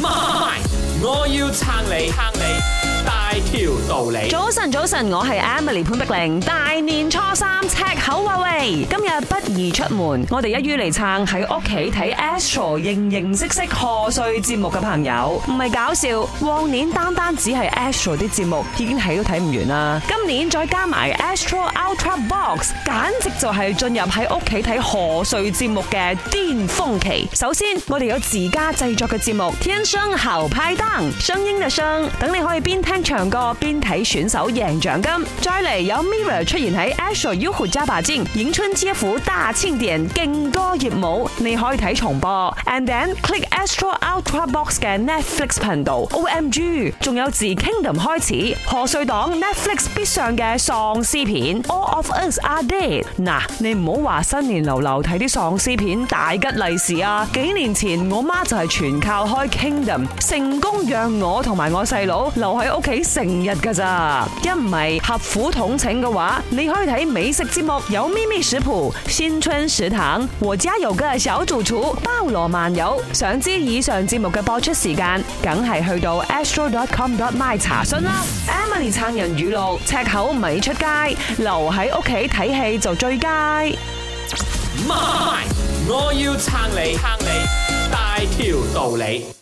媽，我要撐你，撐你大條道理。早晨，早晨，我係 Emily 潘碧玲，大年初三。今日不宜出門，我哋一於嚟撐喺屋企睇 Astro 形形色色賀歲節目嘅朋友，唔係搞笑。往年單單只係 Astro 啲節目已經睇都睇唔完啦，今年再加埋 Astro Ultra Box，簡直就係進入喺屋企睇賀歲節目嘅巔峰期。首先，我哋有自家製作嘅節目《天生好拍檔》，聲音嘅聲，等你可以邊聽唱歌邊睇選手贏獎金。再嚟有 Mirror 出現喺 Astro Youku Java 春節一戶大千電視，勁多業務，你可以睇重播，and then click Astro Ultra Box 嘅 Netflix 頻道，OMG，仲有自 Kingdom 開始賀歲檔 Netflix 必上嘅喪屍片 All of Us Are Dead。嗱，你唔好話新年流流睇啲喪屍片，大吉利是啊！幾年前我媽就係全靠開 Kingdom，成功讓我同埋我細佬留喺屋企成日噶咋。一唔係，合府統請嘅話，你可以睇美食節目，有咪咪。食譜、新春食堂、我家有個小主廚，包羅萬有，想知以上節目嘅播出時間，梗係去到 astro dot com dot my 查詢啦。Emily 撐人語錄：赤口唔係出街，留喺屋企睇戲就最佳。我要撐你，撐你大條道理。